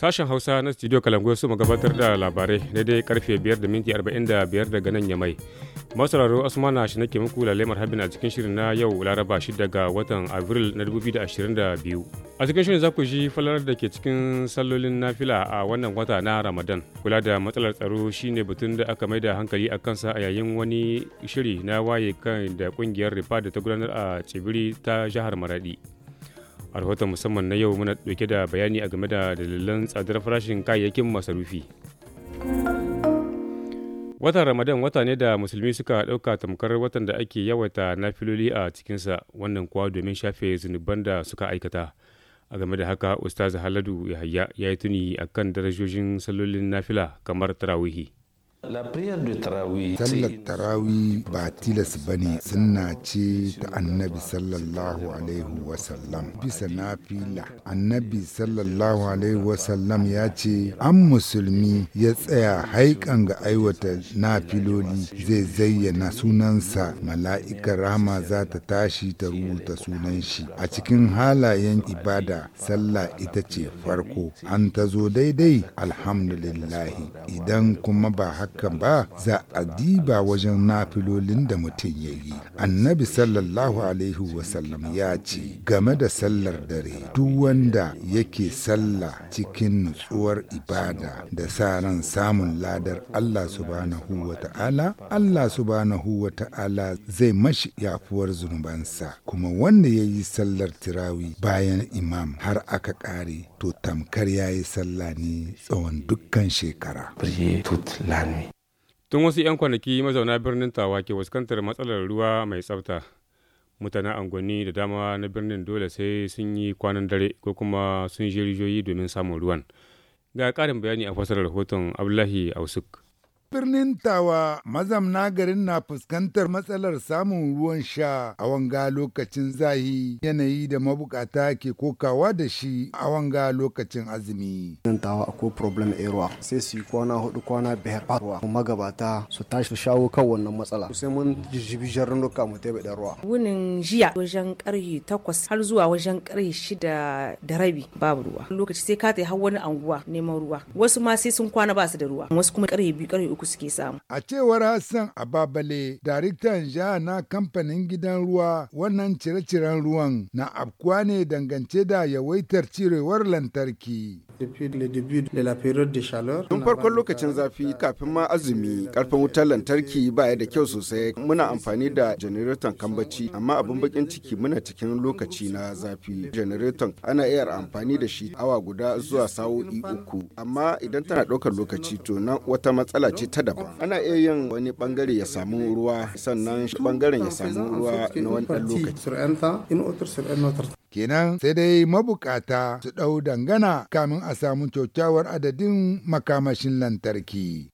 Sashen Hausa na Studio Kalangoyo su gabatar da labarai daidai karfe 5 da minti 45 daga nan yamai. Masararo Asmana shi nake muku lalemar marhabin a cikin shirin na yau Laraba 6 daga watan Abril na 2022. A cikin shirin za ku ji falar da ke cikin sallolin nafila a wannan wata na Ramadan. Kula da matsalar tsaro shine batun da aka mai da hankali a kansa a yayin wani shiri na waye kan da kungiyar Rifa da ta gudanar a Tsibiri ta jihar Maradi. a rahoton musamman na yau muna ɗauke da bayani a game da dalilan tsadar farashin kayayyakin masarufi watan ramadan wata ne da musulmi suka dauka tamkar watan da ake yawaita nafiloli a cikinsa wannan kuwa domin shafe zunuban da suka aikata a game da haka ustaz haladu yahaya ya yi tuni akan darajojin salolin nafila kamar tarawihi sallar tarawi ba tilas ba ne sunna ce ta annabi sallallahu alaihi wasallam bisa nafila annabi sallallahu alaihi wasallam ya ce an musulmi ya tsaya haikan ga aiwata nafiloli zai zayyana sunansa mala'ikar rama za ta tashi ta rubuta sunan shi a cikin halayen ibada sallah ita ce farko an ta zo daidai alhamdulillahi idan kuma ba haka ayyukan ba za a diba wajen nafilolin da mutum ya yi annabi sallallahu alaihi wasallam ya ce game da sallar dare duk wanda yake sallah cikin nutsuwar ibada da sa ran samun ladar Allah subhanahu wa ta'ala Allah subhanahu wa ta'ala zai mashi yafuwar zunubansa kuma wanda ya yi sallar tirawi bayan imam har aka kare. to tamkar ya yi sallah ne tsawon dukkan shekara. Tun wasu 'yan kwanaki mazauna birnin Tawa ke wasukantar matsalar ruwa mai tsafta. Mutanen angoni da dama na birnin dole sai sun yi kwanan dare ko kuma sun shi rijiyoyi domin samun ruwan. Ga ƙarin bayani a fasarar rahoton Abdullahi Ausuk. birnin tawa mazamna garin na fuskantar matsalar samun ruwan sha a wanga lokacin zahi yanayi da mabukata ke kokawa da shi a wanga lokacin azumi. Birnin tawa akwai problem ruwa sai su yi kwana hudu kwana biyar ba ruwa magabata su tashi shawo kan wannan matsala sai mun jijibi jarnuka mu tebe da ruwa. Wunin jiya wajen karhe takwas har zuwa wajen karhe shida da rabi babu ruwa lokaci sai ka ta har wani anguwa neman ruwa wasu ma sai sun kwana ba su da ruwa wasu kuma karhe biyu karhe uku ku suke samu. A cewar Hassan Ababale, daraktan jiha na kamfanin gidan ruwa wannan cire-ciren ruwan na afkuwa ne dangance da yawaitar cirewar lantarki. Tun farkon lokacin zafi kafin ma azumi karfin wutar lantarki ba ya da kyau sosai muna amfani da janareton kambaci amma abin bakin ciki muna cikin lokaci na zafi. Janareton ana iya amfani da shi awa guda zuwa sa'o'i uku amma idan tana ɗaukar lokaci to nan wata matsala ce ta daban. Ana iya yin wani bangare ya samu ruwa sannan bangaren ya samu ruwa na wani lokaci. kenan sai dai mabukata su ɗau dangana kamin a samu kyakkyawar adadin makamashin lantarki.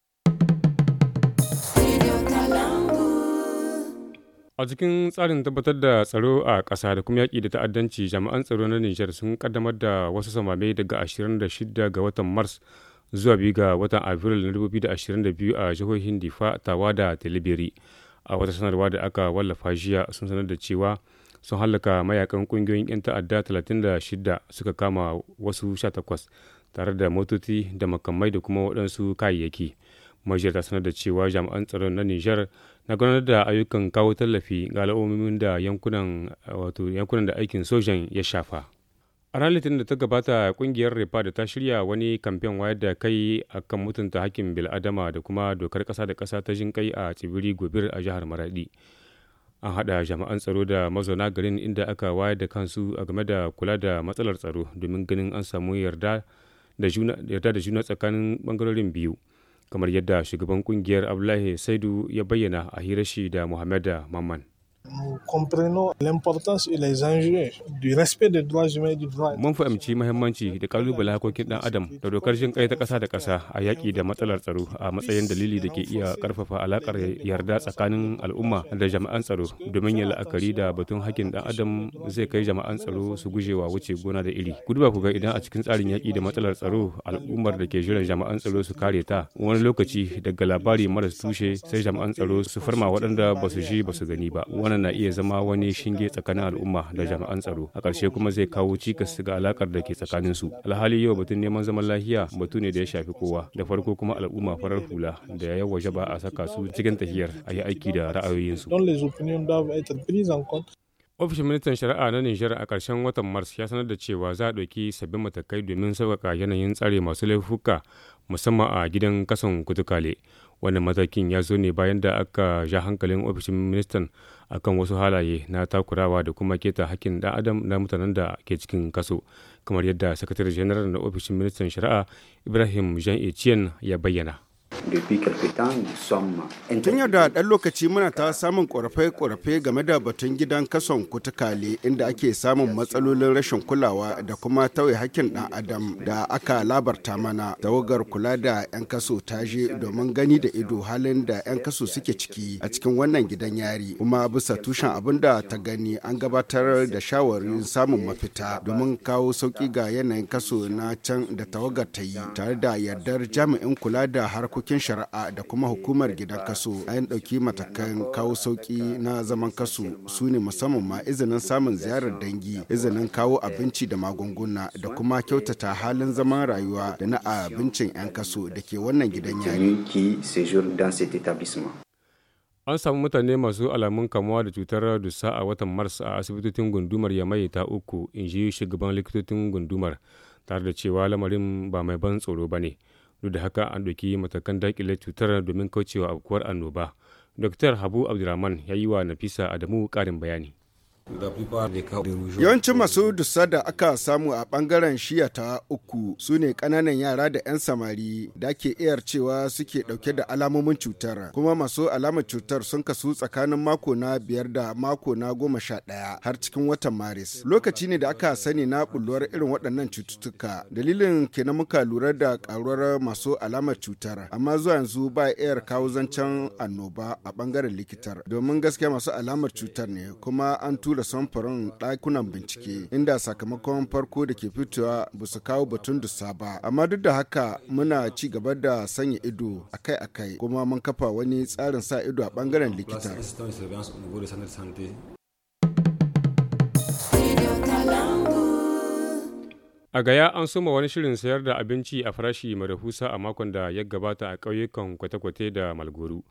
A cikin tsarin tabbatar da tsaro a ƙasa da kuma yaƙi da ta'addanci jami'an tsaro na Nijar sun kaddamar da wasu samame daga 26 ga watan Mars zuwa biyu ga watan april na 2022 a jihohin Difa, Tawa da Tilibiri. A wata sanarwa da aka wallafa jiya sun sanar da cewa sun hallaka mayakan kungiyoyin 'yan ta'adda 36 suka kama wasu 18 tare da motoci da makamai da kuma waɗansu kayayyaki majiyar ta sanar da cewa jami'an tsaron na nijar na gudanar da ayyukan kawo tallafi ga al'ummomin da yankunan da aikin sojan ya shafa a ranar litinin da ta gabata kungiyar repa da ta shirya wani kamfen wayar da kai akan mutunta hakkin bil'adama da kuma dokar kasa da kasa ta jin kai a tsibiri gobir a jihar maradi an haɗa jami'an tsaro da mazauna garin inda aka wayar da kansu a game da kula da matsalar tsaro domin ganin an samu yarda da juna tsakanin bangarorin biyu kamar yadda shugaban kungiyar abdullahi saidu ya bayyana a hirashi da muhammad mamman Nous comprenons l'importance et les enjeux du respect des droits humains et du droit. Mun fahimci muhimmanci da kalubale hakokin dan adam da dokar jin kai ta kasa da kasa a yaki da matsalar tsaro a matsayin dalili da ke iya karfafa alakar yarda tsakanin al'umma da jama'an tsaro domin yin la'akari da batun hakkin dan adam zai kai jama'an tsaro su gujewa wuce gona da iri. Ku duba ku ga idan a cikin tsarin yaki da matsalar tsaro al'ummar da ke jiran jama'an tsaro su kare ta wani lokaci daga labari maras tushe sai jama'an tsaro su farma waɗanda ba su ji ba su gani ba. Wannan wannan na iya zama wani shinge tsakanin al'umma da jami'an tsaro a ƙarshe kuma zai kawo cikas ga alakar da ke tsakanin su alhali yau batun neman zaman lafiya batu ne da ya shafi kowa da farko kuma al'umma farar hula da ya waje ba a saka su cikin tahiyar a yi aiki da ra'ayoyinsu ofishin ministan shari'a na nijar a ƙarshen watan mars ya sanar da cewa za a ɗauki sabbin matakai domin sauƙaƙa yanayin tsare masu laifuka musamman a gidan kasan kutukale wannan matakin ya zo ne bayan da aka ja hankalin ofishin ministan akan wasu halaye na takurawa da kuma keta hakkin dan adam na mutanen da ke cikin kaso kamar yadda sakatare janar na ofishin ministan shari'a ibrahim jean etienne ya bayyana tun yadda ɗan lokaci muna ta samun ƙorafe-ƙorafe game da batun gidan kason kutukale inda ake samun matsalolin rashin kulawa da kuma tauye hakkin ɗan adam da aka labarta mana tawagar kula da 'yan kaso ta je domin gani da ido halin da 'yan kaso suke ciki a cikin wannan gidan yari kuma bisa tushen abin da ta gani an gabatar da shawarin samun mafita domin kawo sauƙi ga yanayin kaso na can da tawagar ta yi tare da yardar jami'in kula da harkokin harkokin shari'a da kuma hukumar gidan kaso yin ɗauki matakan kawo sauƙi na zaman kaso su ne musamman ma izinin samun ziyarar dangi izinin kawo abinci da magunguna da kuma kyautata halin zaman rayuwa da na abincin 'yan kaso da ke wannan gidan yari. an samu mutane masu alamun kamuwa da cutar dusa a watan mars a asibitocin gundumar yamai ta uku in ji shugaban likitocin gundumar tare da cewa lamarin ba mai ban tsoro ba ne duk da haka an ɗauki matakan dakile cutar domin kaucewa abkuwar annoba. Dr. Habu Abdulrahman ya yi wa Nafisa Adamu ƙarin bayani. Yawancin masu dusa da aka samu a bangaren shiya ta uku su ne kananan yara da 'yan samari da ke iyar cewa suke dauke da alamomin cutar kuma masu alamar cutar sun kasu tsakanin mako na biyar da mako na goma sha ɗaya har cikin watan maris lokaci ne da aka sani na bulwar irin waɗannan cututtuka dalilin kenan muka lura da karuwar masu alamar cutar amma zuwa yanzu ba iyar kawo zancen annoba a bangaren likitar domin gaskiya masu alamar cutar ne kuma an tura da samfurin ɗakunan bincike inda sakamakon farko da ke fitowa ba su kawo batun dusa ba. Amma duk da haka muna ci gaba da sanya ido akai-akai kuma mun kafa wani tsarin sa ido a bangaren likita. A gaya an soma wani shirin sayar da abinci a farashi marahusa a makon da ya gabata a ƙauyukan kwate-kwate da Malgoro.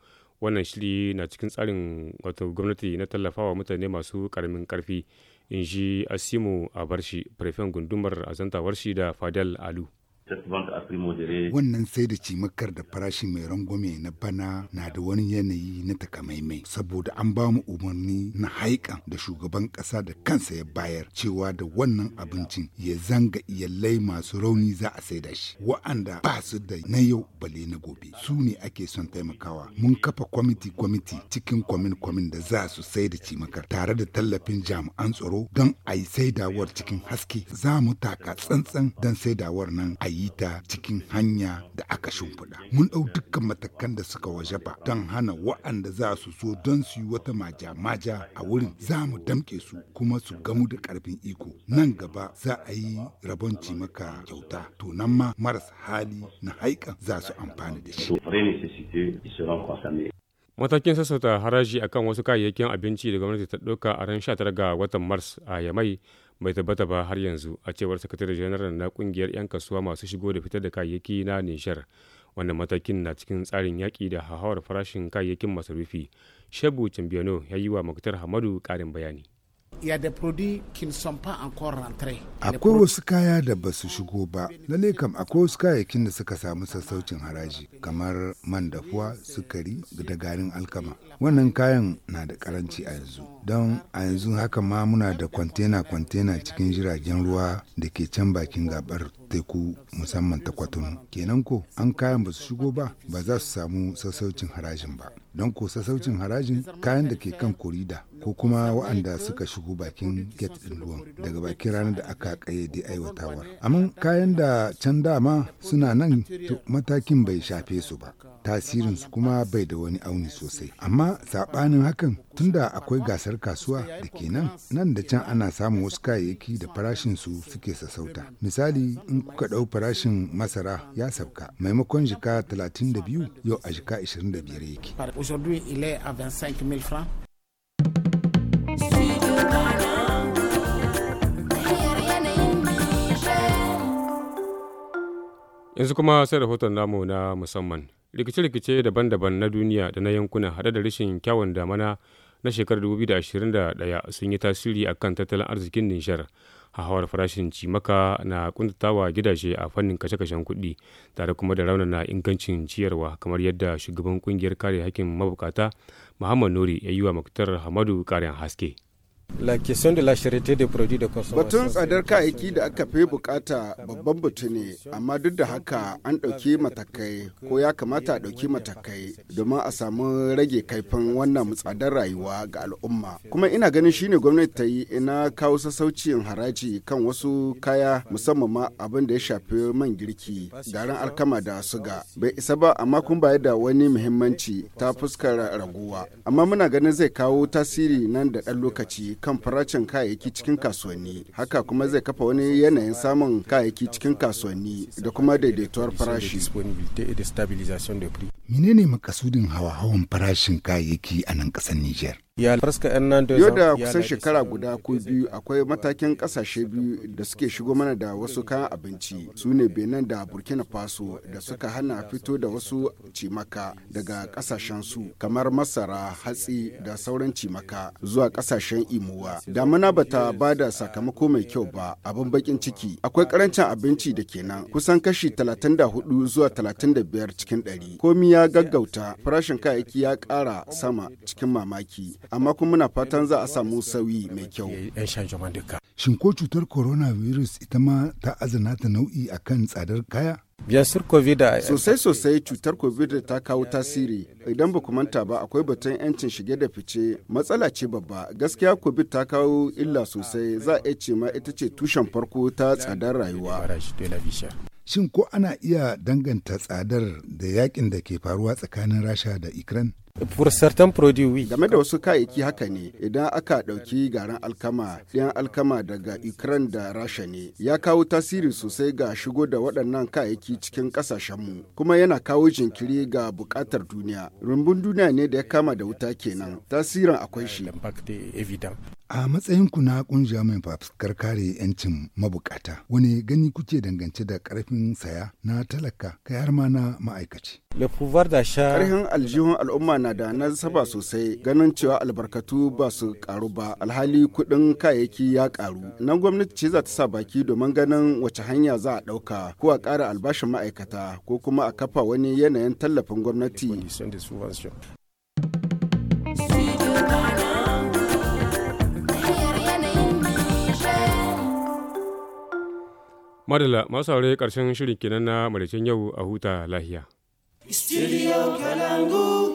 wannan shiri na cikin tsarin wato gwamnati na tallafawa mutane masu karamin karfi in shi asimu a barshi prefen gundumar a zantawar shi da fadal alu Wannan sai da cimakar da farashi mai rangwame na bana na da wani yanayi na takamaimai saboda an ba mu umarni na haikan da shugaban ƙasa da kansa ya bayar cewa da wannan abincin ya zanga iyalai masu rauni za a saida shi. Wa'anda ba su da na yau bale na gobe su ne ake son taimakawa. Mun kafa kwamiti kwamiti cikin kwamin kwamin da za su sai da cimakar tare da tallafin jami'an tsaro don a yi saidawar cikin haske. Za mu taka tsantsan don saidawar nan a yi ta cikin hanya da aka shimfiɗa. Mun ɗau dukkan matakan da suka wajaba don hana wa'anda za su so don su yi wata maja-maja a wurin za mu damƙe su kuma su gamu da ƙarfin iko. Nan gaba za a yi rabon cimaka kyauta to nan ma maras hali na haika za su amfana da shi. Matakin sassauta haraji akan wasu kayayyakin abinci da gwamnati ta ɗauka a ran 19 ga watan Mars a Yamai bai tabbata ba har yanzu a cewar sakatare janar na kungiyar 'yan kasuwa masu shigo da fitar da kayayyaki na nishar wanda matakin na cikin tsarin yaƙi da hauhawar farashin kayayyakin masarufi shebu cambiano ya yi wa muktar hamadu ƙarin bayani ya da kin Akwai wasu kaya da ba su shigo ba, lalle kam akwai wasu kayayyakin da suka samu sassaucin haraji kamar man dafuwa, sukari da garin alkama. Wannan kayan na da karanci a yanzu, don a yanzu haka ma muna da kwantena-kwantena cikin jiragen ruwa da ke can bakin gabar teku musamman ta kwatunu. Kenan ko an kayan ba su shigo ba, ba za su samu sassaucin harajin ba. Don ko sassaucin harajin kayan da ke kan korida ko kuma waɗanda suka shigo bakin gate ɗin ruwan daga bakin ranar da aka kayyade aiwatawar. Amma kayan da can dama suna nan matakin bai shafe su ba. tasirin su kuma bai da wani auni sosai. Amma saɓanin hakan tunda akwai gasar kasuwa da ke nan nan da can ana samun wasu kayayyaki da farashin su suke sassauta misali in kuka ɗau farashin masara ya sauka maimakon jika 32 yau a jika 25 yake yanzu kuma sai rahoton namu na musamman rikice-rikice daban-daban na duniya da na yankuna haɗe da rashin kyawun damana na shekarar 2021 sun yi tasiri akan tattalin arzikin nishar hawar farashin cimaka na kuntatawa gidaje a fannin kashe-kashen kuɗi tare kuma da na ingancin ciyarwa kamar yadda shugaban kungiyar kare hakkin mabukata muhammad nori ya yi wa muktar hamadu karin haske Batun tsadar kayayyaki da aka fi bukata babban batu ne, amma duk da haka an ɗauki matakai ko ya kamata a ɗauki matakai domin a samu rage kaifin wannan tsadar rayuwa ga al'umma. Kuma ina ganin shine gwamnati ta yi ina kawo sassaucin haraji kan wasu kaya musamman ma abin da ya shafi man girki, garin alkama da suga. Bai isa ba amma kun bayar da wani muhimmanci ta fuskar raguwa. Amma muna ganin zai kawo tasiri nan da ɗan lokaci kan farashin kayayyaki cikin kasuwanni haka kuma zai kafa wani yanayin samun kayayyaki cikin kasuwanni da kuma daidaituwar farashi menene makasudin hawa-hawan farashin kayayyaki a nan ƙasar niger Yau da kusan shekara guda ko biyu akwai matakin kasashe biyu da suke shigo mana da wasu kayan abinci su ne Benin da Burkina Faso da suka hana fito da wasu cimaka daga su, kamar masara, hatsi da sauran cimaka zuwa kasashen imuwa. Damuna bata ba da sakamako mai kyau ba abin bakin ciki. Akwai karancin abinci da kenan kusan kashi 34 zuwa 35 cikin 100. Komi ya gaggauta farashin kayayyaki ya ƙara sama cikin mamaki. amma kuma muna fatan za a samu sauyi mai kyau. Shin ko cutar coronavirus ita ma ta azana ta nau'i a kan tsadar kaya? biyasir covid sosai sosai cutar covid ta kawo tasiri idan ba manta ba akwai batun yancin shige da fice matsala ce babba gaskiya covid ta kawo illa sosai za a ce ma ita ce tushen farko ta tsadar rayuwa shin ko ana iya danganta tsadar da yakin da ke faruwa tsakanin rasha da ukraine For certain produce, Game da wasu kayayyaki haka ne idan aka ɗauki garin alkama, yan alkama daga Ukraine da Rasha ne. Ya kawo tasiri sosai ga shigo da waɗannan kayayyaki cikin mu kuma yana kawo jinkiri ga buƙatar duniya. Rumbun duniya ne da ya kama da wuta kenan. Tasirin akwai shi. A matsayin ku na kungiya mai fafuskar kare 'yancin mabukata, wani gani kuke dangance da karfin saya na talaka kai har ma na ma'aikaci? Karfin aljihun al'umma na da nasaba sosai ganin cewa albarkatu ba su karu ba alhali kudin kayayyaki ya karu. Nan gwamnati ce za ta sa baki domin ganin wace hanya za a dauka ko a kara albashin ma'aikata ko kuma a kafa wani yanayin tallafin gwamnati. Madala masu aure ƙarshen shirin kenan na maricin yau a huta lahiya. Studio Kalangu.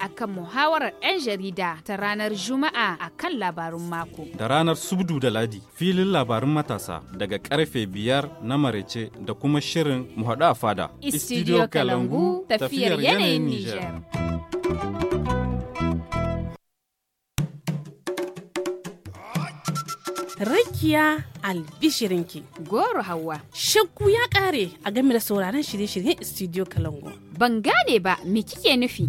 akan muhawarar 'yan jarida ta ranar Juma'a a kan labarun mako. Da ranar Subdu da Ladi filin labarun matasa daga karfe biyar na marece da kuma shirin muhaɗu a fada. Istidiyo Kalangu tafiyar yanayin Nijar. Rakiya albishirinki. Goro Hauwa. Shakku ya ƙare a game da sauraron shirye-shiryen Studio Kalango. Ban gane ba me kike nufi?